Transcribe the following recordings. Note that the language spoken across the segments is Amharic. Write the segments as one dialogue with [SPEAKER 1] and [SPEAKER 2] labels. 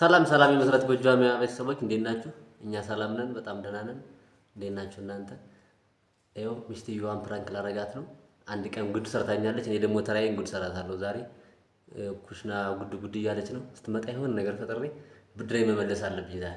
[SPEAKER 1] ሰላም ሰላም የመሰረት ጎጆ ሚዲያ ቤተሰቦች እንዴት ናችሁ? እኛ ሰላም ነን፣ በጣም ደህና ነን። እንዴት ናችሁ እናንተ? ይኸው ሚስትየዋን ፕራንክ ላረጋት ነው። አንድ ቀን ጉድ ሰርታኛለች። እኔ ደግሞ ተራዬን ጉድ ሰራታለሁ ዛሬ። ኩሽና ጉድ ጉድ እያለች ነው። ስትመጣ ይሆን ነገር ፈጥሬ ብድሬ መመለስ አለብኝ ዛሬ።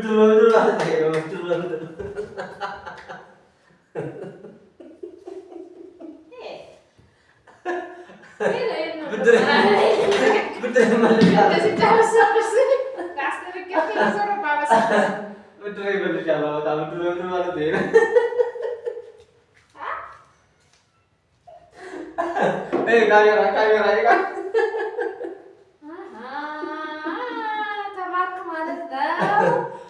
[SPEAKER 1] betul betul lah betul betul betul betul betul betul betul kalau tahu dulu dulu malu deh eh kamera kamera ya kan
[SPEAKER 2] ah ah tamat kemana tahu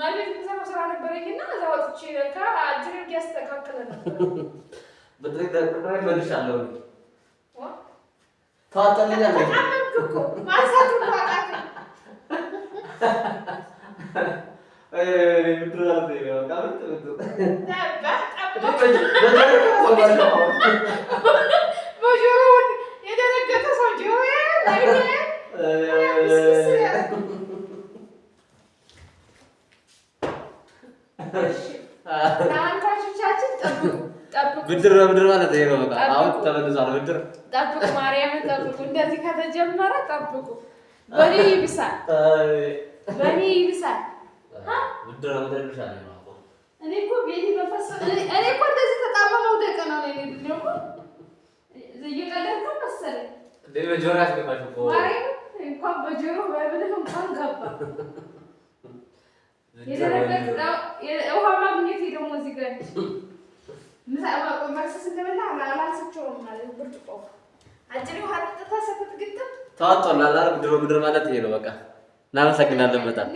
[SPEAKER 2] ማለት የተሰራ ስራ ነበረኝና እዛ ወጥቼ ሰው ተመልካቾቻችን ጠብቁ
[SPEAKER 1] ብድር በብድር ማለት ይሄ ነው። በቃ አሁን ተመልሷል ብድር።
[SPEAKER 2] ጠብቁ፣ ማርያም ጠብቁ። እንደዚህ ከተጀመረ ጠብቁ። በኔ ይብሳል፣ በኔ ይብሳል።
[SPEAKER 1] ብድር በብድር ይብሳል።
[SPEAKER 2] እኔ እኮ ቤት በፈሰ እኔ እኮ እንደዚህ ተጣባ መውደቅ ነው። እኔ ደግሞ እየቀለድኩ መሰለኝ
[SPEAKER 1] እንደ በጆሮ ያስገባሽ እኮ
[SPEAKER 2] ማርያምን። እንኳን በጆሮ በብልህ እንኳን ገባ ውሃ ማግኘት ደግሞ እዚህ ጋር መክሰስ ብርጭቆ አጭር ውሃ ጠጥታ ስትግጥም
[SPEAKER 1] ተዋጥቷል። ድሮ ምድር ማለት ይሄ ነው። በቃ እናመሰግናለን በጣም